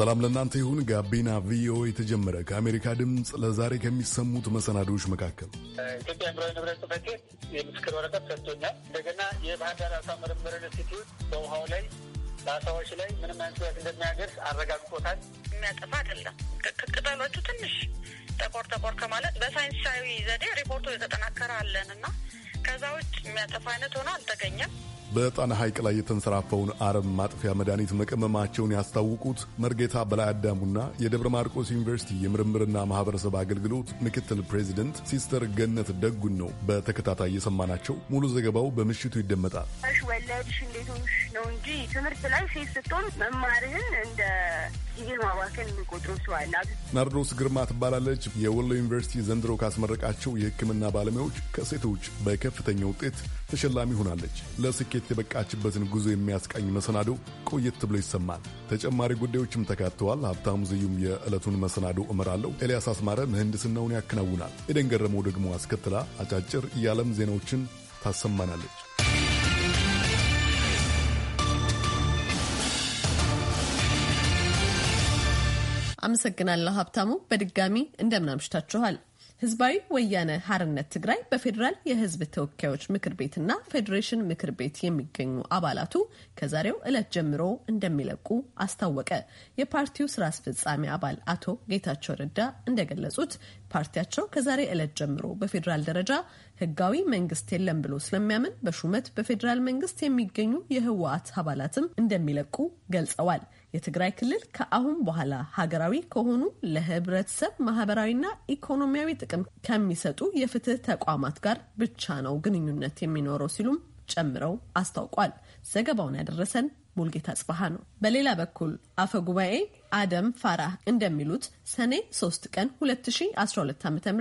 ሰላም ለእናንተ ይሁን። ጋቢና ቪኦኤ የተጀመረ ከአሜሪካ ድምፅ ለዛሬ ከሚሰሙት መሰናዶዎች መካከል ኢትዮጵያ አእምሯዊ ንብረት ጽሕፈት ቤት የምስክር ወረቀት ሰጥቶኛል። እንደገና የባህር ዳር አሳ ምርምር ኢንስቲትዩት በውሃው ላይ በአሳዎች ላይ ምንም አይነት ጉዳት እንደሚያደርስ አረጋግጦታል። የሚያጠፋ አይደለም። ቅጠሎቹ ትንሽ ጠቆር ጠቆር ከማለት በሳይንሳዊ ዘዴ ሪፖርቱ የተጠናከረ አለን እና ከዛ ውጭ የሚያጠፋ አይነት ሆኖ አልተገኘም። በጣና ሐይቅ ላይ የተንሰራፈውን አረም ማጥፊያ መድኃኒት መቀመማቸውን ያስታውቁት መርጌታ በላይ አዳሙና የደብረ ማርቆስ ዩኒቨርሲቲ የምርምርና ማህበረሰብ አገልግሎት ምክትል ፕሬዚደንት ሲስተር ገነት ደጉን ነው በተከታታይ የሰማናቸው። ሙሉ ዘገባው በምሽቱ ይደመጣል። ወለድሽ እንዴት ሆንሽ ነው እንጂ ትምህርት ላይ ሴት ስትሆን መማርህን እንደ ጊዜ ናርዶስ ግርማ ትባላለች። የወሎ ዩኒቨርሲቲ ዘንድሮ ካስመረቃቸው የሕክምና ባለሙያዎች ከሴቶች በከፍተኛ ውጤት ተሸላሚ ሆናለች። ለስኬት የበቃችበትን ጉዞ የሚያስቃኝ መሰናዶ ቆየት ብሎ ይሰማል። ተጨማሪ ጉዳዮችም ተካተዋል። ሀብታሙ ዝዩም የዕለቱን መሰናዶ እመራለሁ። ኤልያስ አስማረ ምህንድስናውን ያከናውናል። ኤደን ገረመው ደግሞ አስከትላ አጫጭር የዓለም ዜናዎችን ታሰማናለች። አመሰግናለሁ ሀብታሙ። በድጋሚ እንደምን አምሽታችኋል? ህዝባዊ ወያነ ሀርነት ትግራይ በፌዴራል የህዝብ ተወካዮች ምክር ቤትና ፌዴሬሽን ምክር ቤት የሚገኙ አባላቱ ከዛሬው ዕለት ጀምሮ እንደሚለቁ አስታወቀ። የፓርቲው ስራ አስፈጻሚ አባል አቶ ጌታቸው ረዳ እንደገለጹት ፓርቲያቸው ከዛሬ ዕለት ጀምሮ በፌዴራል ደረጃ ህጋዊ መንግስት የለም ብሎ ስለሚያምን በሹመት በፌዴራል መንግስት የሚገኙ የህወሓት አባላትም እንደሚለቁ ገልጸዋል። የትግራይ ክልል ከአሁን በኋላ ሀገራዊ ከሆኑ ለህብረተሰብ ማህበራዊና ኢኮኖሚያዊ ጥቅም ከሚሰጡ የፍትህ ተቋማት ጋር ብቻ ነው ግንኙነት የሚኖረው ሲሉም ጨምረው አስታውቋል። ዘገባውን ያደረሰን ሙልጌታ ጽባሃ ነው። በሌላ በኩል አፈ ጉባኤ አደም ፋራህ እንደሚሉት ሰኔ 3 ቀን 2012 ዓ ም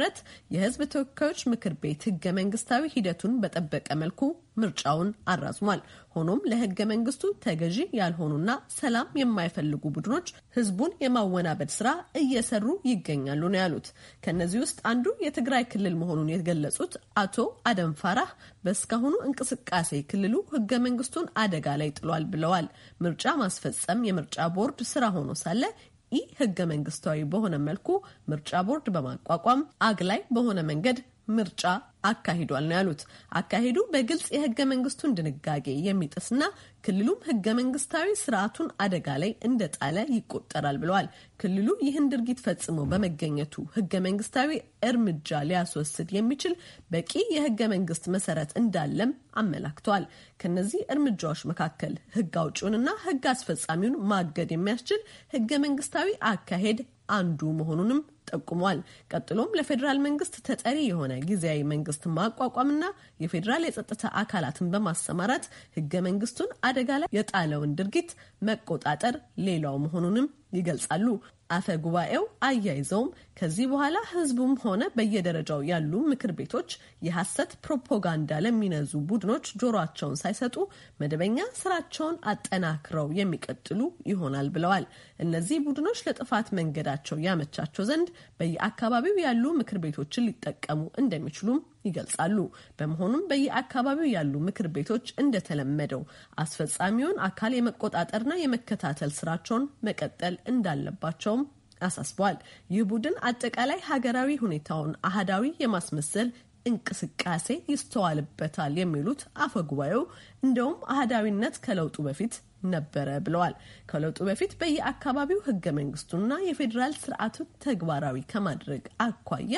የህዝብ ተወካዮች ምክር ቤት ህገ መንግስታዊ ሂደቱን በጠበቀ መልኩ ምርጫውን አራዝሟል። ሆኖም ለህገ መንግስቱ ተገዢ ያልሆኑና ሰላም የማይፈልጉ ቡድኖች ህዝቡን የማወናበድ ስራ እየሰሩ ይገኛሉ ነው ያሉት። ከእነዚህ ውስጥ አንዱ የትግራይ ክልል መሆኑን የገለጹት አቶ አደም ፋራህ በእስካሁኑ እንቅስቃሴ ክልሉ ህገ መንግስቱን አደጋ ላይ ጥሏል ብለዋል። ምርጫ ማስፈ እንዲፈጸም የምርጫ ቦርድ ስራ ሆኖ ሳለ ኢ ህገ መንግስታዊ በሆነ መልኩ ምርጫ ቦርድ በማቋቋም አግላይ በሆነ መንገድ ምርጫ አካሂዷል ነው ያሉት። አካሄዱ በግልጽ የህገ መንግስቱን ድንጋጌ የሚጥስና ክልሉም ህገ መንግስታዊ ስርዓቱን አደጋ ላይ እንደጣለ ይቆጠራል ብለዋል። ክልሉ ይህን ድርጊት ፈጽሞ በመገኘቱ ህገ መንግስታዊ እርምጃ ሊያስወስድ የሚችል በቂ የህገ መንግስት መሰረት እንዳለም አመላክተዋል። ከነዚህ እርምጃዎች መካከል ህግ አውጪውንና ህግ አስፈጻሚውን ማገድ የሚያስችል ህገ መንግስታዊ አካሄድ አንዱ መሆኑንም ጠቁሟል። ቀጥሎም ለፌዴራል መንግስት ተጠሪ የሆነ ጊዜያዊ መንግስት ማቋቋምና የፌዴራል የጸጥታ አካላትን በማሰማራት ህገ መንግስቱን አደጋ ላይ የጣለውን ድርጊት መቆጣጠር ሌላው መሆኑንም ይገልጻሉ። አፈ ጉባኤው አያይዘውም ከዚህ በኋላ ህዝቡም ሆነ በየደረጃው ያሉ ምክር ቤቶች የሐሰት ፕሮፓጋንዳ ለሚነዙ ቡድኖች ጆሯቸውን ሳይሰጡ መደበኛ ስራቸውን አጠናክረው የሚቀጥሉ ይሆናል ብለዋል። እነዚህ ቡድኖች ለጥፋት መንገዳቸው ያመቻቸው ዘንድ በየአካባቢው ያሉ ምክር ቤቶችን ሊጠቀሙ እንደሚችሉም ይገልጻሉ። በመሆኑም በየአካባቢው ያሉ ምክር ቤቶች እንደተለመደው አስፈጻሚውን አካል የመቆጣጠርና የመከታተል ስራቸውን መቀጠል እንዳለባቸውም አሳስበዋል። ይህ ቡድን አጠቃላይ ሀገራዊ ሁኔታውን አህዳዊ የማስመሰል እንቅስቃሴ ይስተዋልበታል የሚሉት አፈጉባኤው እንደውም አህዳዊነት ከለውጡ በፊት ነበረ ብለዋል። ከለውጡ በፊት በየአካባቢው ህገ መንግስቱና የፌዴራል ስርዓቱን ተግባራዊ ከማድረግ አኳያ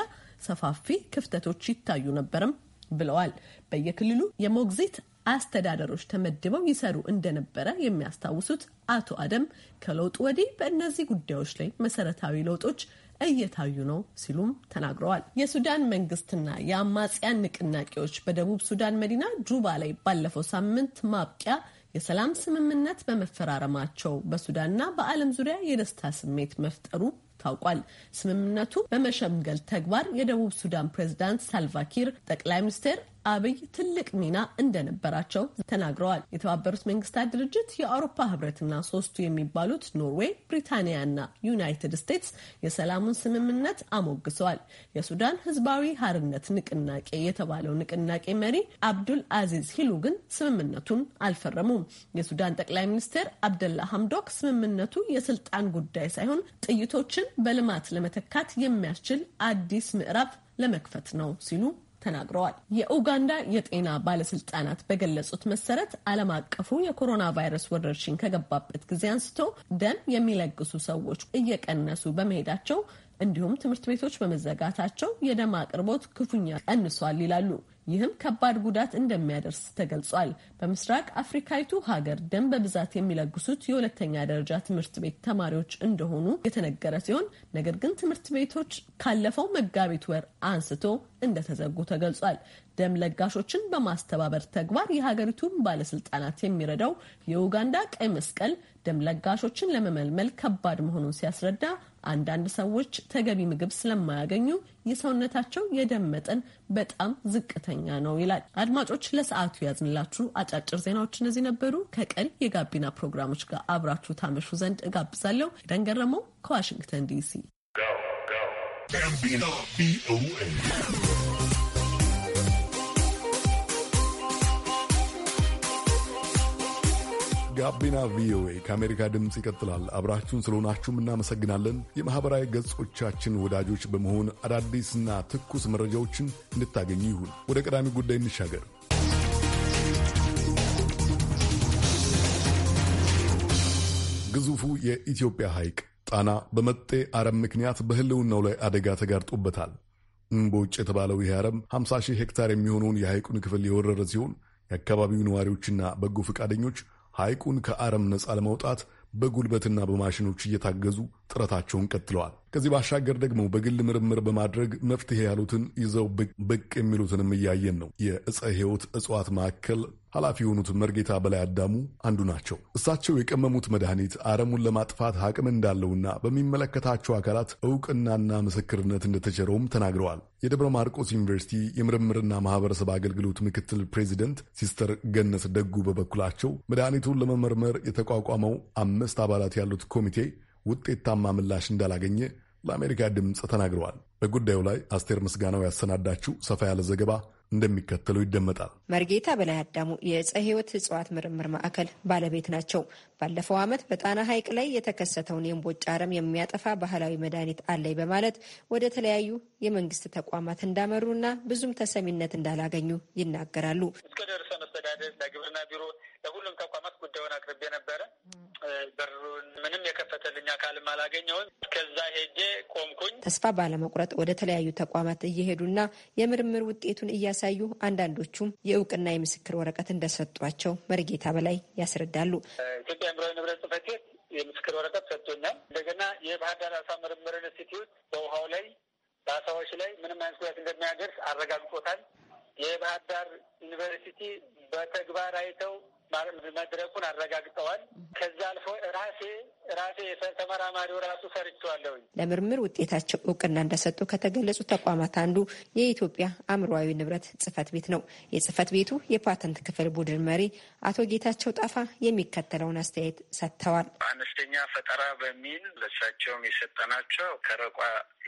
ሰፋፊ ክፍተቶች ይታዩ ነበርም ብለዋል። በየክልሉ የሞግዚት አስተዳደሮች ተመድበው ይሰሩ እንደነበረ የሚያስታውሱት አቶ አደም ከለውጡ ወዲህ በእነዚህ ጉዳዮች ላይ መሰረታዊ ለውጦች እየታዩ ነው ሲሉም ተናግረዋል። የሱዳን መንግስትና የአማጽያን ንቅናቄዎች በደቡብ ሱዳን መዲና ጁባ ላይ ባለፈው ሳምንት ማብቂያ የሰላም ስምምነት በመፈራረማቸው በሱዳንና በዓለም ዙሪያ የደስታ ስሜት መፍጠሩ ታውቋል። ስምምነቱ በመሸምገል ተግባር የደቡብ ሱዳን ፕሬዝዳንት ሳልቫኪር ጠቅላይ ሚኒስትር አብይ ትልቅ ሚና እንደነበራቸው ተናግረዋል። የተባበሩት መንግስታት ድርጅት የአውሮፓ ህብረትና ሶስቱ የሚባሉት ኖርዌይ፣ ብሪታንያና ዩናይትድ ስቴትስ የሰላሙን ስምምነት አሞግሰዋል። የሱዳን ህዝባዊ ሀርነት ንቅናቄ የተባለው ንቅናቄ መሪ አብዱል አዚዝ ሂሉ ግን ስምምነቱን አልፈረሙም። የሱዳን ጠቅላይ ሚኒስትር አብደላ ሀምዶክ ስምምነቱ የስልጣን ጉዳይ ሳይሆን ጥይቶችን በልማት ለመተካት የሚያስችል አዲስ ምዕራፍ ለመክፈት ነው ሲሉ ተናግረዋል። የኡጋንዳ የጤና ባለስልጣናት በገለጹት መሰረት ዓለም አቀፉ የኮሮና ቫይረስ ወረርሽኝ ከገባበት ጊዜ አንስቶ ደም የሚለግሱ ሰዎች እየቀነሱ በመሄዳቸው እንዲሁም ትምህርት ቤቶች በመዘጋታቸው የደም አቅርቦት ክፉኛ ቀንሷል ይላሉ። ይህም ከባድ ጉዳት እንደሚያደርስ ተገልጿል። በምስራቅ አፍሪካዊቱ ሀገር ደም በብዛት የሚለግሱት የሁለተኛ ደረጃ ትምህርት ቤት ተማሪዎች እንደሆኑ የተነገረ ሲሆን ነገር ግን ትምህርት ቤቶች ካለፈው መጋቢት ወር አንስቶ እንደተዘጉ ተገልጿል። ደም ለጋሾችን በማስተባበር ተግባር የሀገሪቱን ባለስልጣናት የሚረዳው የኡጋንዳ ቀይ መስቀል ደም ለጋሾችን ለመመልመል ከባድ መሆኑን ሲያስረዳ አንዳንድ ሰዎች ተገቢ ምግብ ስለማያገኙ የሰውነታቸው የደም መጠን በጣም ዝቅተኛ ነው ይላል። አድማጮች፣ ለሰዓቱ ያዝንላችሁ አጫጭር ዜናዎች እነዚህ ነበሩ። ከቀን የጋቢና ፕሮግራሞች ጋር አብራችሁ ታመሹ ዘንድ እጋብዛለሁ። ደን ገረመው ከዋሽንግተን ዲሲ ጋቢና ቪኦኤ ከአሜሪካ ድምፅ ይቀጥላል። አብራችሁን ስለሆናችሁም እናመሰግናለን። የማኅበራዊ ገጾቻችን ወዳጆች በመሆን አዳዲስና ትኩስ መረጃዎችን እንድታገኙ ይሁን። ወደ ቀዳሚ ጉዳይ እንሻገር። ግዙፉ የኢትዮጵያ ሐይቅ ጣና በመጤ አረም ምክንያት በሕልውናው ላይ አደጋ ተጋርጦበታል። እምቦጭ የተባለው ይህ አረም 50 ሺህ ሄክታር የሚሆነውን የሐይቁን ክፍል የወረረ ሲሆን የአካባቢው ነዋሪዎችና በጎ ፈቃደኞች ሐይቁን ከአረም ነፃ ለማውጣት በጉልበትና በማሽኖች እየታገዙ ጥረታቸውን ቀጥለዋል። ከዚህ ባሻገር ደግሞ በግል ምርምር በማድረግ መፍትሄ ያሉትን ይዘው ብቅ የሚሉትንም እያየን ነው። የእፀ ሕይወት እጽዋት ማዕከል ኃላፊ የሆኑት መርጌታ በላይ አዳሙ አንዱ ናቸው። እሳቸው የቀመሙት መድኃኒት አረሙን ለማጥፋት አቅም እንዳለውና በሚመለከታቸው አካላት እውቅናና ምስክርነት እንደተቸረውም ተናግረዋል። የደብረ ማርቆስ ዩኒቨርሲቲ የምርምርና ማህበረሰብ አገልግሎት ምክትል ፕሬዚደንት ሲስተር ገነት ደጉ በበኩላቸው መድኃኒቱን ለመመርመር የተቋቋመው አምስት አባላት ያሉት ኮሚቴ ውጤታማ ምላሽ እንዳላገኘ ለአሜሪካ ድምፅ ተናግረዋል። በጉዳዩ ላይ አስቴር ምስጋናው ያሰናዳችው ሰፋ ያለ ዘገባ እንደሚከተለው ይደመጣል። መርጌታ በላይ አዳሙ የእፀ ሕይወት እጽዋት ምርምር ማዕከል ባለቤት ናቸው። ባለፈው ዓመት በጣና ሐይቅ ላይ የተከሰተውን የእምቦጭ አረም የሚያጠፋ ባህላዊ መድኃኒት አለይ በማለት ወደ ተለያዩ የመንግስት ተቋማት እንዳመሩና ብዙም ተሰሚነት እንዳላገኙ ይናገራሉ። እስከ ደርሰ መስተዳደር ለግብርና ቢሮ ለሁሉም ተቋማት ጉዳዩን አቅርቤ ነበረ። በሩን ምንም የከፈተልኝ አካልም አላገኘሁም። ከዛ ሄጄ ቆምኩኝ። ተስፋ ባለመቁረጥ ወደ ተለያዩ ተቋማት እየሄዱና የምርምር ውጤቱን እያሳዩ አንዳንዶቹም የእውቅና የምስክር ወረቀት እንደሰጧቸው መርጌታ በላይ ያስረዳሉ። ኢትዮጵያ አእምሯዊ ንብረት ጽሕፈት ቤት የምስክር ወረቀት ሰጥቶኛል። እንደገና የባህር ዳር አሳ ምርምር ኢንስቲትዩት በውሃው ላይ በአሳዎች ላይ ምንም አይነት ጉዳት እንደሚያደርስ አረጋግጦታል። የባህር ዳር ዩኒቨርሲቲ በተግባር አይተው መድረኩን አረጋግጠዋል። ከዛ አልፎ ራሴ ራሴ ተመራማሪው ራሱ ሰርቸዋለሁኝ። ለምርምር ውጤታቸው እውቅና እንደሰጡ ከተገለጹ ተቋማት አንዱ የኢትዮጵያ አእምሯዊ ንብረት ጽህፈት ቤት ነው። የጽህፈት ቤቱ የፓተንት ክፍል ቡድን መሪ አቶ ጌታቸው ጣፋ የሚከተለውን አስተያየት ሰጥተዋል። አነስተኛ ፈጠራ በሚል ለሳቸውም የሰጠናቸው ከረቋ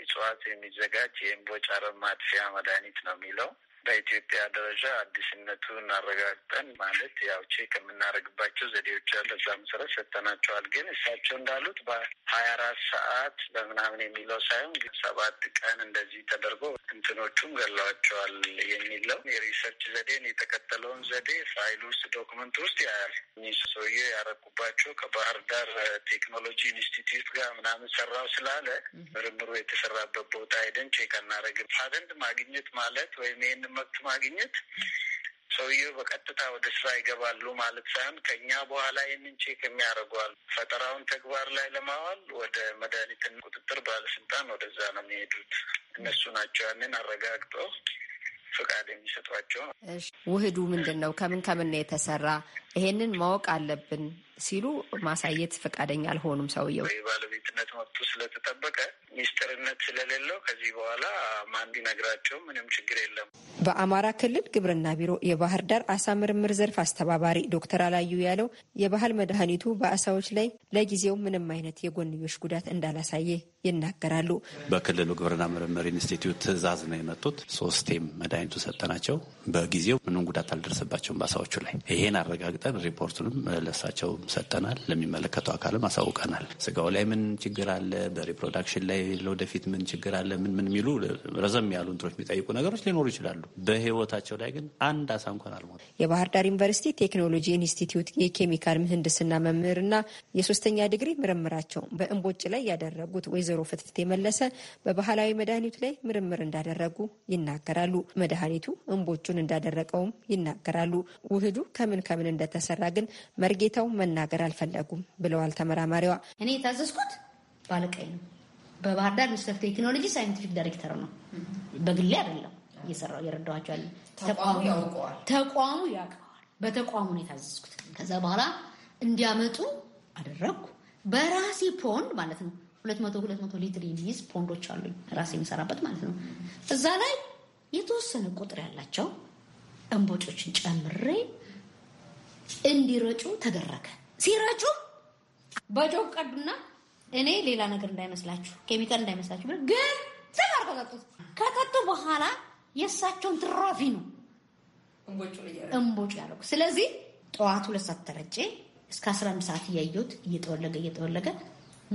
እጽዋት የሚዘጋጅ የእምቦጭ አረም ማጥፊያ መድኃኒት ነው የሚለው በኢትዮጵያ ደረጃ አዲስነቱን አረጋግጠን ማለት ያው ቼክ የምናደርግባቸው ዘዴዎች ያለ እዛ መሰረት ሰጥተናቸዋል። ግን እሳቸው እንዳሉት በሀያ አራት ሰዓት በምናምን የሚለው ሳይሆን ግን ሰባት ቀን እንደዚህ ተደርጎ እንትኖቹም ገላቸዋል የሚለው የሪሰርች ዘዴን የተከተለውን ዘዴ ፋይል ውስጥ ዶክመንት ውስጥ ያያል። ሰውዬ ያረኩባቸው ከባህር ዳር ቴክኖሎጂ ኢንስቲትዩት ጋር ምናምን ሰራው ስላለ ምርምሩ የተሰራበት ቦታ ሄደን ቼክ አናደርግም። ፓተንት ማግኘት ማለት ወይም ይህን መብት ማግኘት ሰውየው በቀጥታ ወደ ስራ ይገባሉ ማለት ሳይሆን ከኛ በኋላ ይህንን ቼክ የሚያደርጓል። ፈጠራውን ተግባር ላይ ለማዋል ወደ መድኃኒትን ቁጥጥር ባለስልጣን ወደዛ ነው የሚሄዱት። እነሱ ናቸው ያንን አረጋግጠው ፍቃድ የሚሰጧቸው። ውህዱ ምንድን ነው? ከምን ከምን ነው የተሰራ? ይሄንን ማወቅ አለብን ሲሉ ማሳየት ፈቃደኛ አልሆኑም። ሰውየው የባለቤትነት መብቱ ስለተጠበቀ ሚስጥርነት ስለሌለው ከዚህ በኋላ ማን ቢነግራቸው ምንም ችግር የለም። በአማራ ክልል ግብርና ቢሮ የባህር ዳር አሳ ምርምር ዘርፍ አስተባባሪ ዶክተር አላዩ ያለው የባህል መድኃኒቱ በአሳዎች ላይ ለጊዜው ምንም አይነት የጎንዮሽ ጉዳት እንዳላሳየ ይናገራሉ። በክልሉ ግብርና ምርምር ኢንስቲትዩት ትዕዛዝ ነው የመጡት። ሶስቴም መድኃኒቱ ሰጠናቸው። በጊዜው ምንም ጉዳት አልደረሰባቸውም በአሳዎቹ ላይ። ይሄን አረጋግጠን ሪፖርቱንም ለሳቸው ሰጠናል ለሚመለከተው አካልም አሳውቀናል። ስጋው ላይ ምን ችግር አለ፣ በሪፕሮዳክሽን ላይ ለወደፊት ምን ችግር አለ፣ ምን ምን የሚሉ ረዘም ያሉ እንትኖች የሚጠይቁ ነገሮች ሊኖሩ ይችላሉ። በህይወታቸው ላይ ግን አንድ አሳ እንኳን አልሞ የባህር ዳር ዩኒቨርሲቲ ቴክኖሎጂ ኢንስቲትዩት የኬሚካል ምህንድስና መምህርና የሶስተኛ ዲግሪ ምርምራቸው በእምቦጭ ላይ ያደረጉት ወይዘሮ ፍትፍት የመለሰ በባህላዊ መድኃኒቱ ላይ ምርምር እንዳደረጉ ይናገራሉ። መድኃኒቱ እምቦጩን እንዳደረቀውም ይናገራሉ። ውህዱ ከምን ከምን እንደተሰራ ግን መርጌታው መና መናገር አልፈለጉም ብለዋል ተመራማሪዋ። እኔ የታዘዝኩት ባለቀይ ነው። በባህር ዳር ኢንስቲትዩት ቴክኖሎጂ ሳይንቲፊክ ዳይሬክተር ነው። በግሌ አይደለም እየሰራው እየረዳኋቸው ያለ ተቋሙ ያውቀዋል። በተቋሙ ነው የታዘዝኩት። ከዛ በኋላ እንዲያመጡ አደረግኩ። በራሴ ፖንድ ማለት ነው ሁለት መቶ ሁለት መቶ ሊትር የሚይዝ ፖንዶች አሉኝ ራሴ የሚሰራበት ማለት ነው። እዛ ላይ የተወሰነ ቁጥር ያላቸው እንቦጮችን ጨምሬ እንዲረጩ ተደረገ። ሲረጩ በጆብ ቀዱና እኔ ሌላ ነገር እንዳይመስላችሁ ኬሚካል እንዳይመስላችሁ ብለ ግን ዘማር ከጠጡት ከጠጡ በኋላ የእሳቸውን ትራፊ ነው እምቦጭ ያደረጉ። ስለዚህ ጠዋት ሁለት ሰዓት እስከ አስራ ሰዓት እያየሁት እየጠወለገ እየጠወለገ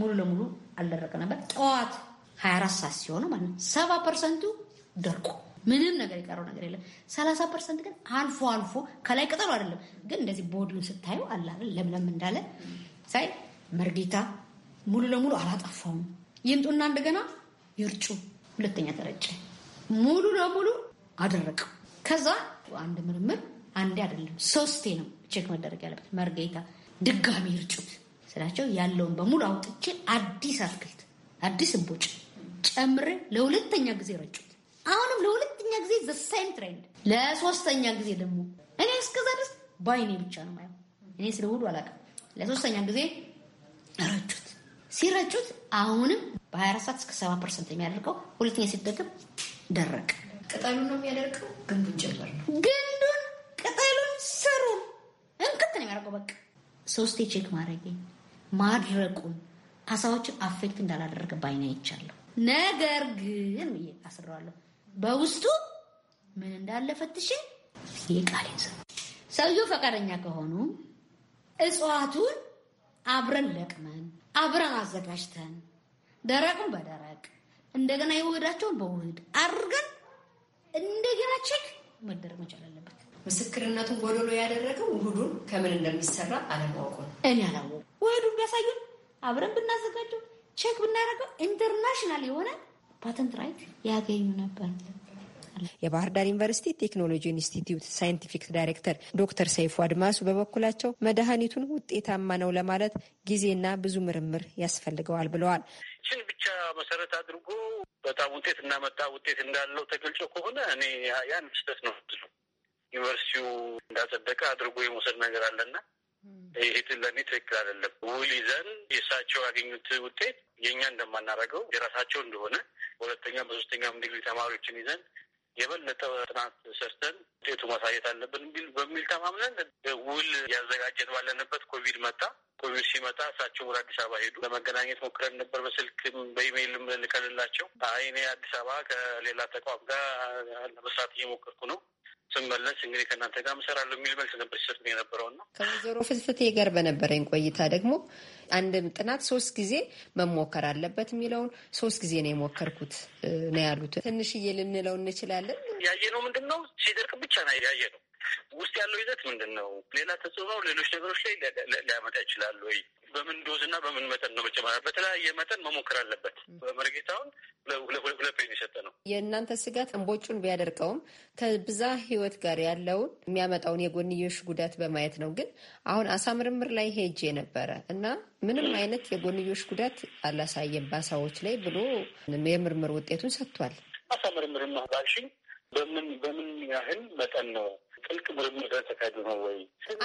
ሙሉ ለሙሉ አልደረቀ ነበር። ጠዋት 24 አራት ሰዓት ሲሆኑ ማለት ነው ሰባ ፐርሰንቱ ደርቆ ምንም ነገር የቀረው ነገር የለም። ሰላሳ ፐርሰንት ግን አልፎ አልፎ ከላይ ቅጠሉ አይደለም ግን እንደዚህ ቦዲውን ስታዩ አላ ለምለም እንዳለ ሳይ መርጌታ ሙሉ ለሙሉ አላጠፋውም። ይምጡና እንደገና ይርጩ። ሁለተኛ ተረጨ ሙሉ ለሙሉ አደረቀው። ከዛ አንድ ምርምር አንዴ አይደለም ሶስቴ ነው ቼክ መደረግ ያለበት። መርጌታ ድጋሚ ይርጩት ስላቸው ያለውን በሙሉ አውጥቼ አዲስ አትክልት አዲስ እንቦጭ ጨምሬ ለሁለተኛ ጊዜ ረጩ። አሁንም ለሁለተኛ ጊዜ ዘሳይም ትሬንድ ለሶስተኛ ጊዜ ደግሞ እኔ እስከዛ ድረስ ባይኔ ብቻ ነው ማየው። እኔ ስለ ሁሉ አላውቅም። ለሶስተኛ ጊዜ ረጩት። ሲረጩት አሁንም በ24 ሰዓት እስከ 7 ፐርሰንት የሚያደርገው ሁለተኛ ሲደግም ደረቅ ቅጠሉ ነው የሚያደርገው። ግንዱን ጀበር ነው ግንዱን፣ ቅጠሉን፣ ስሩን እንክት ነው የሚያደርገው። በቃ ሶስቴ ቼክ ማድረጌ ማድረቁን አሳዎችን አፌክት እንዳላደረገ ባይና ይቻለሁ። ነገር ግን ብዬ አስረዋለሁ በውስጡ ምን እንዳለ ፈትሼ ይቃል ሰውየው ፈቃደኛ ከሆኑ እጽዋቱን አብረን ለቅመን አብረን አዘጋጅተን ደረቁን በደረቅ እንደገና የውህዳቸውን በውህድ አድርገን እንደገና ቼክ መደረግ መቻል አለበት። ምስክርነቱን ጎዶሎ ያደረገው ውህዱን ከምን እንደሚሰራ አለማወቁ ነው። እኔ አላወቁ ውህዱን ቢያሳዩን አብረን ብናዘጋጀው ቼክ ብናደርገው ኢንተርናሽናል የሆነ ፓተንት ራይት ያገኙ ነበር። የባህር ዳር ዩኒቨርሲቲ ቴክኖሎጂ ኢንስቲትዩት ሳይንቲፊክ ዳይሬክተር ዶክተር ሰይፉ አድማሱ በበኩላቸው መድኃኒቱን ውጤታማ ነው ለማለት ጊዜና ብዙ ምርምር ያስፈልገዋል ብለዋል። ችን ብቻ መሰረት አድርጎ በጣም ውጤት እናመጣ ውጤት እንዳለው ተገልጾ ከሆነ እኔ ያን ስህተት ነው። ዩኒቨርሲቲው እንዳጸደቀ አድርጎ የመውሰድ ነገር አለና ይህ ለእኔ ትክክል አይደለም። ውል ይዘን የእሳቸው ያገኙት ውጤት የእኛ እንደማናደርገው የራሳቸው እንደሆነ በሁለተኛ በሶስተኛም ዲግሪ ተማሪዎችን ይዘን የበለጠ ጥናት ሰርተን ውጤቱ ማሳየት አለብን በሚል ተማምነን ውል ያዘጋጀን ባለንበት ኮቪድ መጣ። ኮቪድ ሲመጣ እሳቸው ወደ አዲስ አበባ ሄዱ። ለመገናኘት ሞክረን ነበር፣ በስልክም በኢሜይልም ልከልላቸው፣ አይ እኔ አዲስ አበባ ከሌላ ተቋም ጋር ለመስራት እየሞከርኩ ነው ስመለስ እንግዲህ ከእናንተ ጋር ምሰራለሁ የሚል መልስ ነበር ሲሰጥ የነበረው ነው። ከወይዘሮ ፍትፍቴ ጋር በነበረኝ ቆይታ ደግሞ አንድም ጥናት ሶስት ጊዜ መሞከር አለበት የሚለውን ሶስት ጊዜ ነው የሞከርኩት ነው ያሉት። ትንሽዬ ልንለው እንችላለን። ያየ ነው ምንድን ነው ሲደርቅ ብቻ ነው ያየ ነው ውስጥ ያለው ይዘት ምንድን ነው? ሌላ ተጽዕኖ ሌሎች ነገሮች ላይ ሊያመጣ ይችላል ወይ? በምን ዶዝ እና በምን መጠን ነው መጨመር? በተለያየ መጠን መሞከር አለበት። በመርጌታውን ሁለት ፔን የሰጠ ነው። የእናንተ ስጋት እንቦጩን ቢያደርቀውም ከብዛ ህይወት ጋር ያለውን የሚያመጣውን የጎንዮሽ ጉዳት በማየት ነው። ግን አሁን አሳ ምርምር ላይ ሄጄ ነበረ እና ምንም አይነት የጎንዮሽ ጉዳት አላሳየም በአሳዎች ላይ ብሎ የምርምር ውጤቱን ሰጥቷል። አሳ ምርምርና ባሽኝ በምን በምን ያህል መጠን ነው ጥልቅ ምርምር ተካሂዶ ነው ወይ?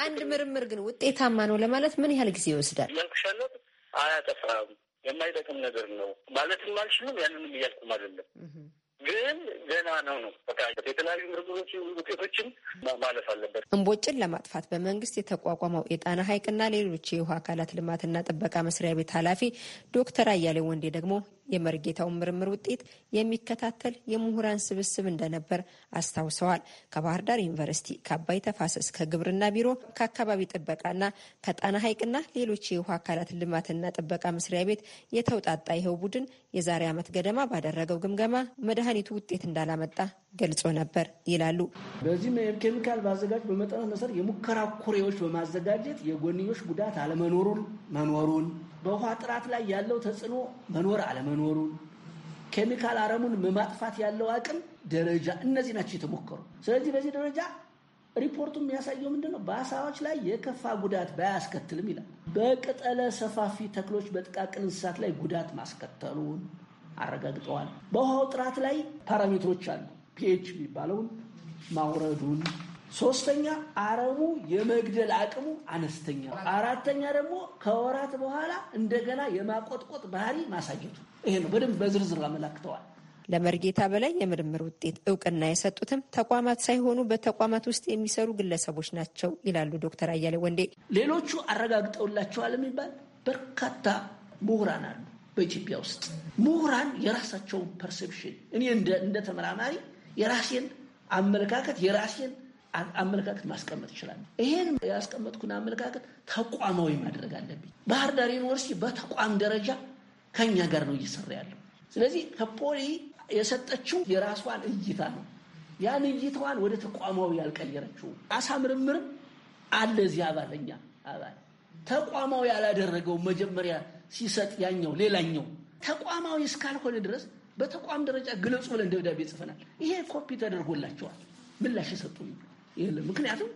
አንድ ምርምር ግን ውጤታማ ነው ለማለት ምን ያህል ጊዜ ይወስዳል? ያልኩሻለት አያጠፋም፣ የማይጠቅም ነገር ነው ማለትም አልችልም። ያንንም እያልኩም አይደለም ግን ገና ነው ነው የተለያዩ ምርምሮች ውጤቶችን ማለፍ አለበት። እንቦጭን ለማጥፋት በመንግስት የተቋቋመው የጣና ሐይቅና ሌሎች የውሃ አካላት ልማትና ጥበቃ መስሪያ ቤት ኃላፊ ዶክተር አያሌ ወንዴ ደግሞ የመርጌታውን ምርምር ውጤት የሚከታተል የምሁራን ስብስብ እንደነበር አስታውሰዋል። ከባህር ዳር ዩኒቨርሲቲ፣ ከአባይ ተፋሰስ፣ ከግብርና ቢሮ፣ ከአካባቢ ጥበቃና ከጣና ሐይቅና ሌሎች የውሃ አካላት ልማትና ጥበቃ መስሪያ ቤት የተውጣጣ ይኸው ቡድን የዛሬ ዓመት ገደማ ባደረገው ግምገማ መድኃኒቱ ውጤት እንዳላመጣ ገልጾ ነበር ይላሉ። በዚህም ኬሚካል ባዘጋጅ በመጠኑ መሰረት የሙከራ ኩሬዎች በማዘጋጀት የጎንዮሽ ጉዳት አለመኖሩን መኖሩን በውሃ ጥራት ላይ ያለው ተጽዕኖ መኖር አለመኖሩን ኬሚካል አረሙን ማጥፋት ያለው አቅም ደረጃ እነዚህ ናቸው የተሞከሩ። ስለዚህ በዚህ ደረጃ ሪፖርቱ የሚያሳየው ምንድን ነው? በአሳዎች ላይ የከፋ ጉዳት ባያስከትልም ይላል። በቅጠለ ሰፋፊ ተክሎች በጥቃቅን እንስሳት ላይ ጉዳት ማስከተሉን አረጋግጠዋል። በውሃው ጥራት ላይ ፓራሜትሮች አሉ። ፒኤች የሚባለውን ማውረዱን ሶስተኛ አረሙ የመግደል አቅሙ አነስተኛ፣ አራተኛ ደግሞ ከወራት በኋላ እንደገና የማቆጥቆጥ ባህሪ ማሳየቱ ይሄ ነው። በደንብ በዝርዝር አመላክተዋል። ለመርጌታ በላይ የምርምር ውጤት እውቅና የሰጡትም ተቋማት ሳይሆኑ በተቋማት ውስጥ የሚሰሩ ግለሰቦች ናቸው ይላሉ ዶክተር አያሌ ወንዴ። ሌሎቹ አረጋግጠውላቸዋል የሚባል በርካታ ምሁራን አሉ በኢትዮጵያ ውስጥ። ምሁራን የራሳቸውን ፐርሴፕሽን እኔ እንደ ተመራማሪ የራሴን አመለካከት የራሴን አመለካከት ማስቀመጥ ይችላል። ይሄን ያስቀመጥኩን አመለካከት ተቋማዊ ማድረግ አለብኝ። ባህር ዳር ዩኒቨርሲቲ በተቋም ደረጃ ከኛ ጋር ነው እየሰራ ያለው። ስለዚህ ከፖሊ የሰጠችው የራሷን እይታ ነው። ያን እይታዋን ወደ ተቋማዊ ያልቀየረችው አሳ ምርምርም አለ እዚህ አባለኛ አባል ተቋማዊ ያላደረገው መጀመሪያ ሲሰጥ ያኛው ሌላኛው ተቋማዊ እስካልሆነ ድረስ በተቋም ደረጃ ግለጹ ብለን ደብዳቤ ጽፈናል። ይሄ ኮፒ ተደርጎላቸዋል ምላሽ የሰጡ የለም። ምክንያቱም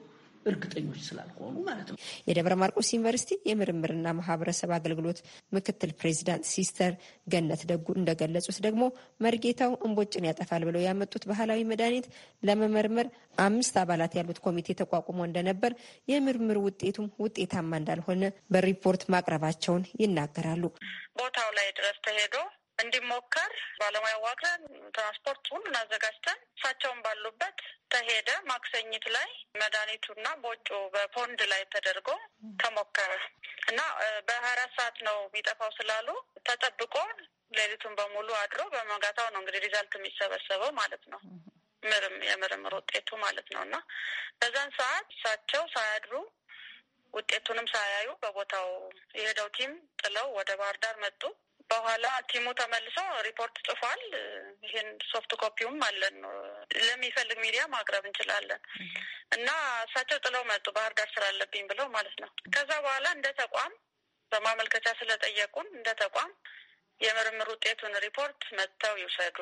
እርግጠኞች ስላልሆኑ ማለት ነው። የደብረ ማርቆስ ዩኒቨርሲቲ የምርምርና ማህበረሰብ አገልግሎት ምክትል ፕሬዚዳንት ሲስተር ገነት ደጉ እንደገለጹት ደግሞ መርጌታው እንቦጭን ያጠፋል ብለው ያመጡት ባህላዊ መድኃኒት ለመመርመር አምስት አባላት ያሉት ኮሚቴ ተቋቁሞ እንደነበር የምርምር ውጤቱም ውጤታማ እንዳልሆነ በሪፖርት ማቅረባቸውን ይናገራሉ። ቦታው ላይ ድረስ ተሄዶ እንዲሞከር ባለሙያ ዋቅረን ትራንስፖርት ሁሉን አዘጋጅተን እሳቸውን ባሉበት ተሄደ። ማክሰኝት ላይ መድኃኒቱና ቦጮ በፖንድ ላይ ተደርጎ ተሞከረ እና በሀያ አራት ሰዓት ነው የሚጠፋው ስላሉ ተጠብቆ ሌሊቱን በሙሉ አድሮ በመጋታው ነው እንግዲህ ሪዛልት የሚሰበሰበው ማለት ነው። ምርም የምርምር ውጤቱ ማለት ነው እና በዛን ሰዓት እሳቸው ሳያድሩ ውጤቱንም ሳያዩ በቦታው የሄደው ቲም ጥለው ወደ ባህር ዳር መጡ። በኋላ ሐኪሙ ተመልሶ ሪፖርት ጽፏል። ይህን ሶፍት ኮፒውም አለን ለሚፈልግ ሚዲያ ማቅረብ እንችላለን እና እሳቸው ጥለው መጡ። ባህር ዳር ስራ አለብኝ ብለው ማለት ነው። ከዛ በኋላ እንደ ተቋም በማመልከቻ ስለጠየቁን እንደ ተቋም የምርምር ውጤቱን ሪፖርት መጥተው ይውሰዱ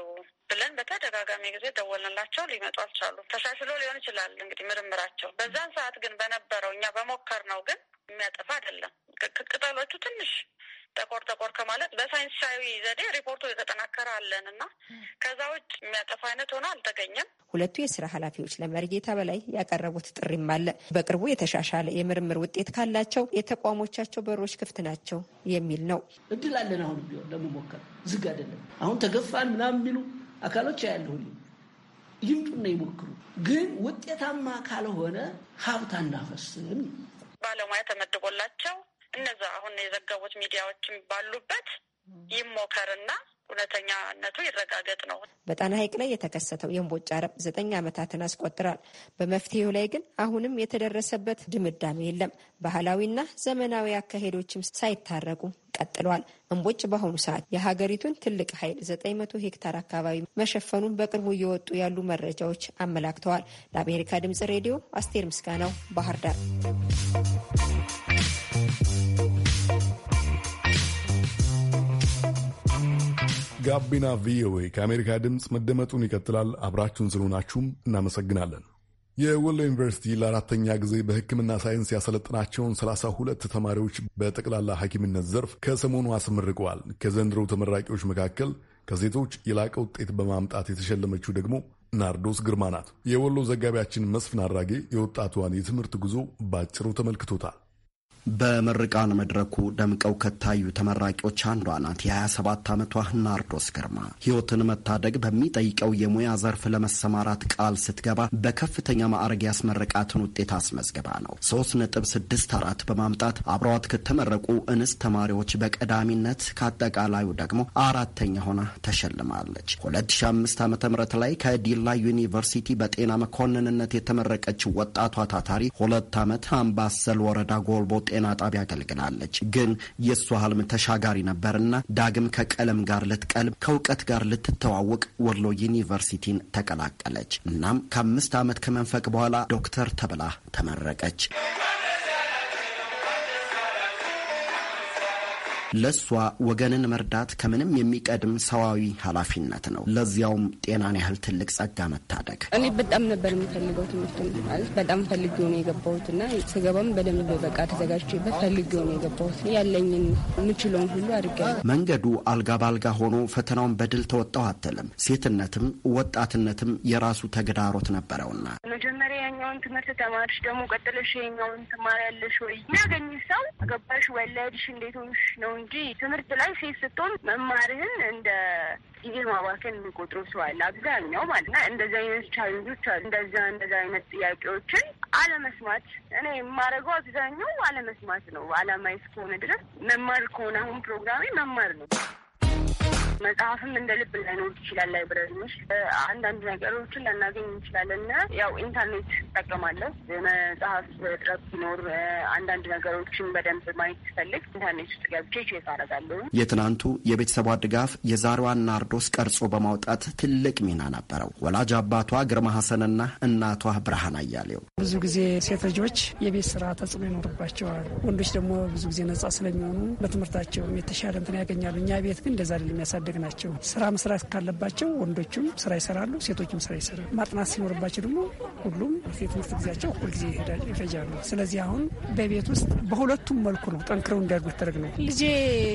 ብለን በተደጋጋሚ ጊዜ ደወልንላቸው። ሊመጡ አልቻሉም። ተሻሽሎ ሊሆን ይችላል እንግዲህ ምርምራቸው። በዛን ሰዓት ግን በነበረው እኛ በሞከር ነው ግን የሚያጠፋ አይደለም። ቅጠሎቹ ትንሽ ጠቆር ጠቆር ከማለት በሳይንሳዊ ዘዴ ሪፖርቱ የተጠናከረ አለን እና ከዛ ውጭ የሚያጠፋ አይነት ሆነ አልተገኘም። ሁለቱ የስራ ኃላፊዎች ለመርጌታ በላይ ያቀረቡት ጥሪም አለ። በቅርቡ የተሻሻለ የምርምር ውጤት ካላቸው የተቋሞቻቸው በሮች ክፍት ናቸው የሚል ነው። እድል አለን። አሁን ቢሆን ለመሞከር ዝግ አይደለም። አሁን ተገፋን ምናምን የሚሉ አካሎች ያለሁ ይምጡና ይሞክሩ። ግን ውጤታማ ካልሆነ ሀብት አናፈስም። ባለሙያ ተመድቦላቸው እነዛ አሁን የዘገቡት ሚዲያዎችም ባሉበት ይሞከርና እውነተኛነቱ ይረጋገጥ ነው። በጣና ሐይቅ ላይ የተከሰተው የእምቦጭ አረም ዘጠኝ ዓመታትን አስቆጥሯል። በመፍትሄው ላይ ግን አሁንም የተደረሰበት ድምዳሜ የለም። ባህላዊና ዘመናዊ አካሄዶችም ሳይታረቁ ቀጥሏል። እምቦጭ በአሁኑ ሰዓት የሀገሪቱን ትልቅ ኃይል መቶ ሄክታር አካባቢ መሸፈኑን በቅርቡ እየወጡ ያሉ መረጃዎች አመላክተዋል። ለአሜሪካ ድምጽ ሬዲዮ አስቴር ምስጋናው ባህር ዳር ጋቢና ቪኦኤ ከአሜሪካ ድምፅ መደመጡን ይቀጥላል። አብራችሁን ስለሆናችሁም እናመሰግናለን። የወሎ ዩኒቨርሲቲ ለአራተኛ ጊዜ በሕክምና ሳይንስ ያሰለጥናቸውን ሰላሳ ሁለት ተማሪዎች በጠቅላላ ሐኪምነት ዘርፍ ከሰሞኑ አስመርቀዋል። ከዘንድሮ ተመራቂዎች መካከል ከሴቶች የላቀ ውጤት በማምጣት የተሸለመችው ደግሞ ናርዶስ ግርማ ናት። የወሎ ዘጋቢያችን መስፍን አድራጌ የወጣቷን የትምህርት ጉዞ ባጭሩ ተመልክቶታል። በምርቃን መድረኩ ደምቀው ከታዩ ተመራቂዎች አንዷ ናት የ27 ዓመቷ ናርዶስ ግርማ። ሕይወትን መታደግ በሚጠይቀው የሙያ ዘርፍ ለመሰማራት ቃል ስትገባ በከፍተኛ ማዕረግ ያስመረቃትን ውጤት አስመዝግባ ነው 3.64 በማምጣት አብረዋት ከተመረቁ እንስት ተማሪዎች በቀዳሚነት ከአጠቃላዩ ደግሞ አራተኛ ሆና ተሸልማለች። 2005 ዓ ም ላይ ከዲላ ዩኒቨርሲቲ በጤና መኮንንነት የተመረቀችው ወጣቷ ታታሪ ሁለት ዓመት አምባሰል ወረዳ ጎልቦ ጤና ጣቢያ አገልግላለች። ግን የእሷ ህልም ተሻጋሪ ነበርና ዳግም ከቀለም ጋር ልትቀልብ ከእውቀት ጋር ልትተዋወቅ ወሎ ዩኒቨርሲቲን ተቀላቀለች። እናም ከአምስት ዓመት ከመንፈቅ በኋላ ዶክተር ተብላ ተመረቀች። ለእሷ ወገንን መርዳት ከምንም የሚቀድም ሰዋዊ ኃላፊነት ነው። ለዚያውም ጤናን ያህል ትልቅ ጸጋ መታደግ። እኔ በጣም ነበር የምፈልገው ትምህርት ማለት በጣም ፈልጌው ሆነ የገባሁት እና ስገባም በደንብ በቃ ተዘጋጅቼበት ፈልጌው ሆነ የገባሁት። ያለኝን የምችለውን ሁሉ አድርጌያለሁ። መንገዱ አልጋ ባልጋ ሆኖ ፈተናውን በድል ተወጣው አትልም። ሴትነትም ወጣትነትም የራሱ ተግዳሮት ነበረውና መጀመሪያ ያኛውን ትምህርት ተማርሽ ደግሞ ቀጥለሽ የኛውን ትማሪያለሽ ወይ ያገኝ ሰው ገባሽ ወለድሽ እንዴት ሆንሽ ነው እንጂ ትምህርት ላይ ሴት ስትሆን መማርህን እንደ ጊዜ ማባከን የሚቆጥሩ ሰው አለ አብዛኛው ማለት ና እንደዚህ አይነት ቻሌንጆች አሉ። እንደዚ እንደዚ አይነት ጥያቄዎችን አለመስማት እኔ የማደርገው አብዛኛው አለመስማት ነው። አላማዬ እስከሆነ ድረስ መማር ከሆነ አሁን ፕሮግራሜ መማር ነው። መጽሐፍም እንደ ልብ ላይኖር ይችላል። ላይብረሪ ውስጥ አንዳንድ ነገሮችን ላናገኝ እንችላለን እና ያው ኢንተርኔት እጠቀማለሁ። መጽሐፍ እጥረት ሲኖር አንዳንድ ነገሮችን በደንብ ማየት ስፈልግ ኢንተርኔት ውስጥ ገብቼ ቼክ አደርጋለሁ። የትናንቱ የቤተሰቧ ድጋፍ የዛሬዋን ናርዶስ ቀርጾ በማውጣት ትልቅ ሚና ነበረው። ወላጅ አባቷ ግርማ ሀሰንና እናቷ ብርሃን አያሌው ብዙ ጊዜ ሴት ልጆች የቤት ስራ ተጽዕኖ ይኖርባቸዋል። ወንዶች ደግሞ ብዙ ጊዜ ነጻ ስለሚሆኑ በትምህርታቸውም የተሻለ እንትን ያገኛሉ። እኛ ቤት ግን እንደዛ አይደለም። ያሳደግ ናቸው። ስራ መስራት ካለባቸው ወንዶችም ስራ ይሰራሉ፣ ሴቶችም ስራ ይሰራሉ። ማጥናት ሲኖርባቸው ደግሞ ሁሉም የትምህርት ጊዜያቸው ሁልጊዜ ይፈጃሉ። ስለዚህ አሁን በቤት ውስጥ በሁለቱም መልኩ ነው ጠንክረው እንዲያድጉ ተደረግ ነው። ልጄ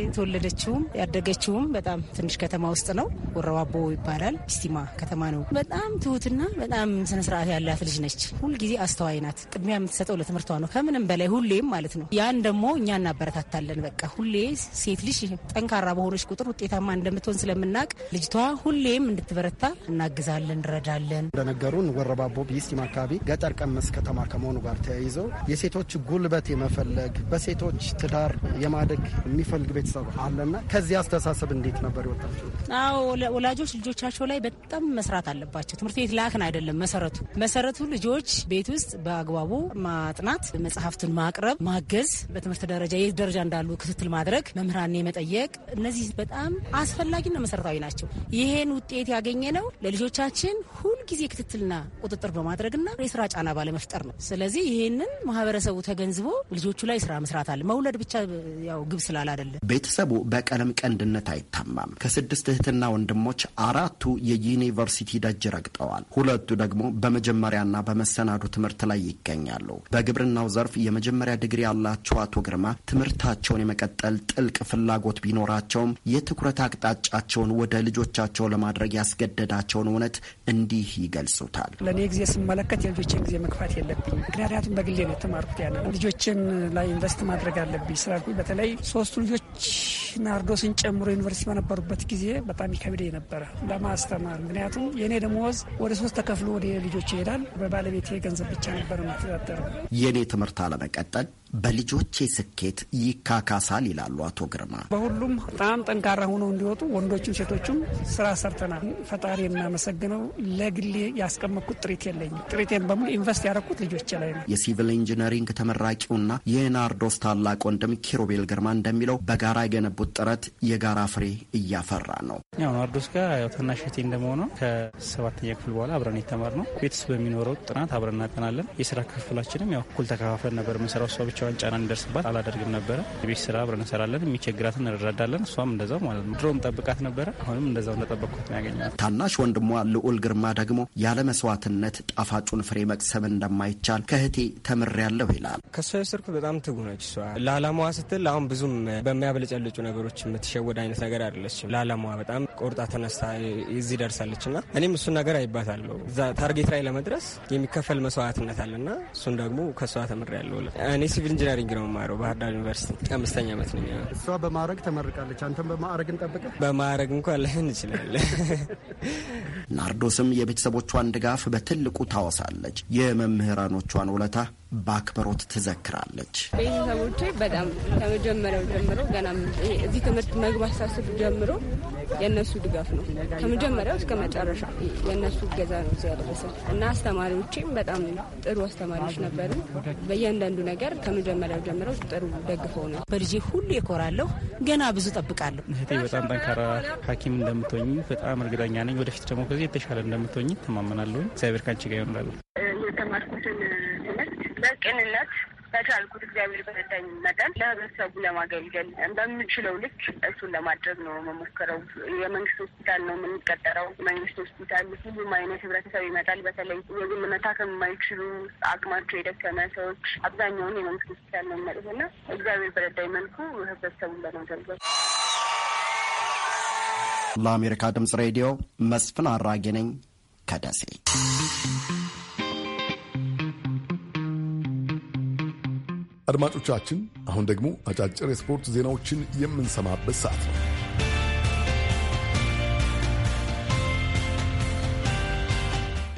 የተወለደችውም ያደገችውም በጣም ትንሽ ከተማ ውስጥ ነው። ወረባቦ ይባላል። ስቲማ ከተማ ነው። በጣም ትሁትና በጣም ስነስርዓት ያላት ልጅ ነች። ሁልጊዜ አስተዋይ ናት። ቅድሚያ የምትሰጠው ለትምህርቷ ነው ከምንም በላይ ሁሌም ማለት ነው። ያን ደግሞ እኛ እናበረታታለን። በቃ ሁሌ ሴት ልጅ ጠንካራ በሆነች ቁጥር ውጤታማ እንደም እንደምትሆን ስለምናውቅ ልጅቷ ሁሌም እንድትበረታ እናግዛለን፣ እንረዳለን። እንደነገሩን ወረባቦ ቢስቲም አካባቢ ገጠር ቀመስ ከተማ ከመሆኑ ጋር ተያይዞ የሴቶች ጉልበት የመፈለግ በሴቶች ትዳር የማደግ የሚፈልግ ቤተሰብ አለና ከዚህ አስተሳሰብ እንዴት ነበር ይወጣቸው? አዎ ወላጆች ልጆቻቸው ላይ በጣም መስራት አለባቸው። ትምህርት ቤት ላክን አይደለም መሰረቱ መሰረቱ ልጆች ቤት ውስጥ በአግባቡ ማጥናት፣ መጽሐፍትን ማቅረብ፣ ማገዝ፣ በትምህርት ደረጃ የት ደረጃ እንዳሉ ክትትል ማድረግ፣ መምህራን መጠየቅ እነዚህ በጣም አስፈላ አስፈላጊና መሰረታዊ ናቸው። ይህን ውጤት ያገኘ ነው ለልጆቻችን ሁልጊዜ ክትትልና ቁጥጥር በማድረግና የስራ ጫና ባለመፍጠር ነው። ስለዚህ ይህንን ማህበረሰቡ ተገንዝቦ ልጆቹ ላይ ስራ መስራት አለ። መውለድ ብቻ ያው ግብ ስላል አይደለም። ቤተሰቡ በቀለም ቀንድነት አይታማም። ከስድስት እህትና ወንድሞች አራቱ የዩኒቨርሲቲ ደጅ ረግጠዋል። ሁለቱ ደግሞ በመጀመሪያና በመሰናዱ ትምህርት ላይ ይገኛሉ። በግብርናው ዘርፍ የመጀመሪያ ዲግሪ ያላቸው አቶ ግርማ ትምህርታቸውን የመቀጠል ጥልቅ ፍላጎት ቢኖራቸውም የትኩረት አቅጣጫ አቅጣጫቸውን ወደ ልጆቻቸው ለማድረግ ያስገደዳቸውን እውነት እንዲህ ይገልጹታል። ለእኔ ጊዜ ስመለከት የልጆችን ጊዜ መግፋት የለብኝ። ምክንያቱም በግሌ ነው የተማርኩት። ያለ ልጆችን ላይ ኢንቨስት ማድረግ አለብኝ ስላልኩኝ በተለይ ሶስቱ ልጆች ናርዶስን ጨምሮ ዩኒቨርሲቲ በነበሩበት ጊዜ በጣም ይከብደ ነበረ ለማስተማር። ምክንያቱም የእኔ ደሞዝ ወደ ሶስት ተከፍሎ ወደ ልጆች ይሄዳል። በባለቤቴ ገንዘብ ብቻ ነበር የማተዳደረው። የእኔ ትምህርት አለመቀጠል በልጆቼ ስኬት ይካካሳል ይላሉ አቶ ግርማ። በሁሉም በጣም ጠንካራ ሆነው እንዲወጡ ወንዶችም ሴቶችም ስራ ሰርተናል። ፈጣሪ የማመሰግነው ለግሌ ያስቀመጥኩት ጥሪት የለኝም። ጥሪቴን በሙሉ ኢንቨስት ያደረኩት ልጆች ላይ ነው። የሲቪል ኢንጂነሪንግ ተመራቂውና የናርዶስ ታላቅ ወንድም ኪሮቤል ግርማ እንደሚለው በጋራ የገነቡ ያደረጉት ጥረት የጋራ ፍሬ እያፈራ ነው። ያው ናርዶስ ጋር ያው ታናሽ እህቴ እንደመሆኗ ከሰባተኛ ክፍል በኋላ አብረን የተማር ነው። ውስጥ በሚኖረው ጥናት አብረን እናጠናለን። የስራ ክፍላችንም ያው እኩል ተከፋፍለን ነበር የምንሰራው። እሷ ብቻዋን ጫና እንደርስባት አላደርግም ነበረ። የቤት ስራ አብረን እንሰራለን፣ የሚቸግራትን እንረዳዳለን። እሷም እንደዛው ማለት ነው። ድሮም ጠብቃት ነበረ፣ አሁንም እንደዛው እንደጠበቅኩት ያገኛል። ታናሽ ወንድሟ ልዑል ግርማ ደግሞ ያለ መስዋዕትነት ጣፋጩን ፍሬ መቅሰም እንደማይቻል ከእህቴ ተምሬያለሁ ይላል። ከእሷ የወሰድኩት በጣም ትጉ ነች። እሷ ለአላማዋ ስትል አሁን ብዙም በሚያብለጨልጩ ነገሮች የምትሸወድ አይነት ነገር አይደለችም። ለአላማዋ በጣም ቆርጣ ተነስታ እዚህ ደርሳለች እና እኔም እሱን ነገር አይባታለሁ። እዛ ታርጌት ላይ ለመድረስ የሚከፈል መስዋዕትነት አለና እሱን ደግሞ ከእሷ ተምሬያለሁ። እኔ ሲቪል ኢንጂነሪንግ ነው የማረው ባህርዳር ዩኒቨርሲቲ አምስተኛ ዓመት ነው። እሷ በማዕረግ ተመርቃለች። አንተም በማዕረግ ጠብቀ በማዕረግ እንኳ ላይሆን ይችላል። ናርዶስም የቤተሰቦቿን ድጋፍ በትልቁ ታወሳለች። የመምህራኖቿን ውለታ በአክብሮት ትዘክራለች። ቤተሰቦቼ በጣም ከመጀመሪያው ጀምሮ ገና እዚህ ትምህርት መግባት ሳስብ ጀምሮ የእነሱ ድጋፍ ነው። ከመጀመሪያው እስከ መጨረሻ የእነሱ እገዛ ነው እዚህ ያደረሰ እና አስተማሪዎቼም በጣም ጥሩ አስተማሪዎች ነበሩ። በእያንዳንዱ ነገር ከመጀመሪያው ጀምረው ጥሩ ደግፈው ነው። በልጄ ሁሉ የኮራለሁ። ገና ብዙ ጠብቃለሁ። እህቴ በጣም ጠንካራ ሐኪም እንደምትሆኝ በጣም እርግጠኛ ነኝ። ወደፊት ደግሞ ከዚህ የተሻለ እንደምትሆኝ ተማመናለሁኝ። እግዚአብሔር ካንቺ ጋር ይሆንላለሁ። የተማርኩትን በቅንነት በቻልኩት እግዚአብሔር በረዳኝ መጠን ለህብረተሰቡ ለማገልገል በምችለው ልክ እሱን ለማድረግ ነው መሞከረው። የመንግስት ሆስፒታል ነው የምንቀጠረው። መንግስት ሆስፒታል ሁሉም አይነት ህብረተሰብ ይመጣል። በተለይ የግል መታከም የማይችሉ አቅማቸው የደከመ ሰዎች አብዛኛውን የመንግስት ሆስፒታል ነው የሚመጡትና እግዚአብሔር በረዳኝ መልኩ ህብረተሰቡን ለማገልገል ለአሜሪካ ድምጽ ሬዲዮ መስፍን አራጌ ነኝ ከደሴ አድማጮቻችን፣ አሁን ደግሞ አጫጭር የስፖርት ዜናዎችን የምንሰማበት ሰዓት ነው።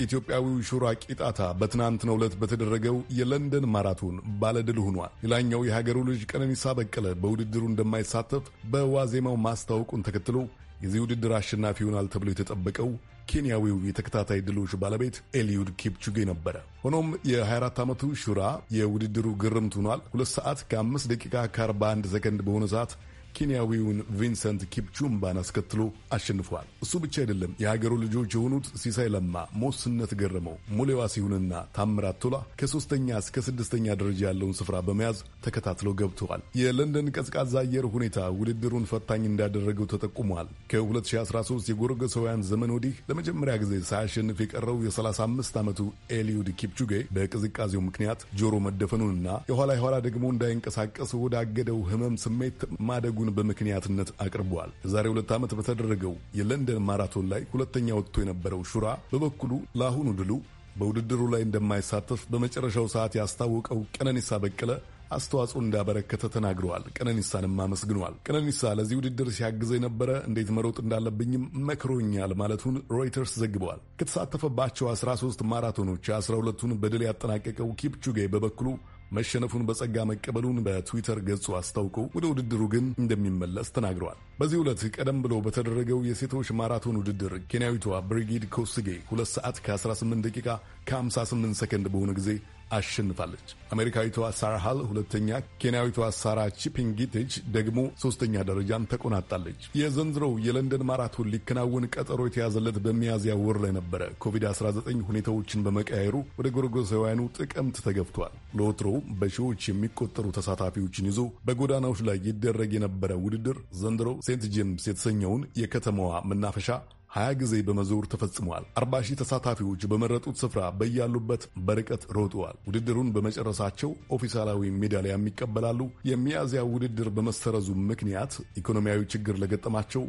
ኢትዮጵያዊው ሹራ ቂጣታ በትናንትናው ዕለት በተደረገው የለንደን ማራቶን ባለድል ሆኗል። ሌላኛው የሀገሩ ልጅ ቀነኒሳ በቀለ በውድድሩ እንደማይሳተፍ በዋዜማው ማስታወቁን ተከትሎ የዚህ ውድድር አሸናፊ ይሆናል ተብሎ የተጠበቀው ኬንያዊው የተከታታይ ድሎች ባለቤት ኤልዩድ ኪፕቹጌ ነበረ። ሆኖም የ24 ዓመቱ ሹራ የውድድሩ ግርምት ሆኗል። ሁለት ሰዓት ከ5 ደቂቃ ከ41 ሰከንድ በሆነ ሰዓት ኬንያዊውን ቪንሰንት ኪፕቹምባን አስከትሎ አሸንፏል። እሱ ብቻ አይደለም። የሀገሩ ልጆች የሆኑት ሲሳይ ለማ፣ ሞስነት ገረመው፣ ሙሌዋ ሲሁንና ታምራት ቶላ ከሶስተኛ እስከ ስድስተኛ ደረጃ ያለውን ስፍራ በመያዝ ተከታትለው ገብተዋል። የለንደን ቀዝቃዛ አየር ሁኔታ ውድድሩን ፈታኝ እንዳደረገው ተጠቁሟል። ከ2013 የጎረገሰውያን ዘመን ወዲህ ለመጀመሪያ ጊዜ ሳያሸንፍ የቀረው የ35 ዓመቱ ኤልዩድ ኪፕቹጌ በቅዝቃዜው ምክንያት ጆሮ መደፈኑንና የኋላ የኋላ ደግሞ እንዳይንቀሳቀስ ወዳገደው ህመም ስሜት ማደጉ ሀሳቡን በምክንያትነት አቅርቧል። የዛሬ ሁለት ዓመት በተደረገው የለንደን ማራቶን ላይ ሁለተኛ ወጥቶ የነበረው ሹራ በበኩሉ ለአሁኑ ድሉ በውድድሩ ላይ እንደማይሳተፍ በመጨረሻው ሰዓት ያስታወቀው ቀነኒሳ በቀለ አስተዋጽኦ እንዳበረከተ ተናግረዋል። ቀነኒሳንም አመስግኗል። ቀነኒሳ ለዚህ ውድድር ሲያግዘ የነበረ እንዴት መሮጥ እንዳለብኝም መክሮኛል ማለቱን ሮይተርስ ዘግበዋል። ከተሳተፈባቸው 13 ማራቶኖች 12ቱን በድል ያጠናቀቀው ኪፕቹጌ በበኩሉ መሸነፉን በጸጋ መቀበሉን በትዊተር ገጹ አስታውቆ ወደ ውድድሩ ግን እንደሚመለስ ተናግረዋል። በዚህ ዕለት ቀደም ብሎ በተደረገው የሴቶች ማራቶን ውድድር ኬንያዊቷ ብሪጊድ ኮስጌ 2 ሰዓት ከ18 ደቂቃ ከ58 ሰከንድ በሆነ ጊዜ አሸንፋለች። አሜሪካዊቷ ሳራ ሃል ሁለተኛ፣ ኬንያዊቷ ሳራ ቺፒንጊቲች ደግሞ ሶስተኛ ደረጃን ተቆናጣለች። የዘንድሮው የለንደን ማራቶን ሊከናወን ቀጠሮ የተያዘለት በሚያዝያ ወር ላይ ነበረ። ኮቪድ-19 ሁኔታዎችን በመቀያየሩ ወደ ጎረጎሳውያኑ ጥቅምት ተገፍቷል። ለወትሮው በሺዎች የሚቆጠሩ ተሳታፊዎችን ይዞ በጎዳናዎች ላይ ይደረግ የነበረ ውድድር ዘንድሮው ሴንት ጄምስ የተሰኘውን የከተማዋ መናፈሻ ሀያ ጊዜ በመዞር ተፈጽሟል። አርባ ሺህ ተሳታፊዎች በመረጡት ስፍራ በያሉበት በርቀት ሮጠዋል። ውድድሩን በመጨረሳቸው ኦፊሳላዊ ሜዳሊያም ይቀበላሉ። የሚያዝያ ውድድር በመሰረዙ ምክንያት ኢኮኖሚያዊ ችግር ለገጠማቸው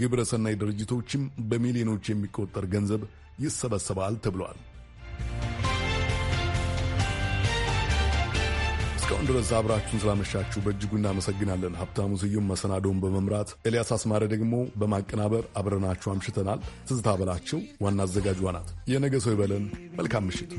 ግብረ ሰናይ ድርጅቶችም በሚሊዮኖች የሚቆጠር ገንዘብ ይሰበሰባል ተብሏል። እስካሁን ድረስ አብራችሁን ስላመሻችሁ በእጅጉ እናመሰግናለን። ሀብታሙ ስዩም መሰናዶውን በመምራት ኤልያስ አስማረ ደግሞ በማቀናበር አብረናችሁ አምሽተናል። ትዝታ በላቸው ዋና አዘጋጇ ናት። የነገ ሰው ይበለን። መልካም ምሽት።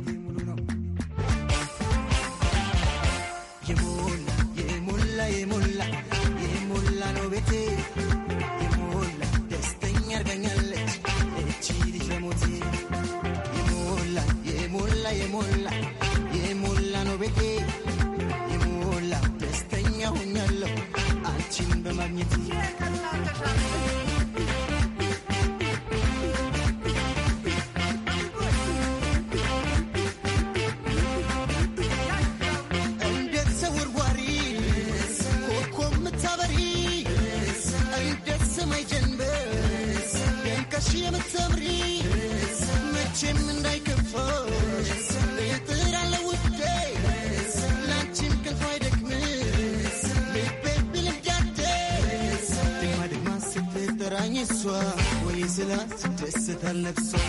هذا اللبسه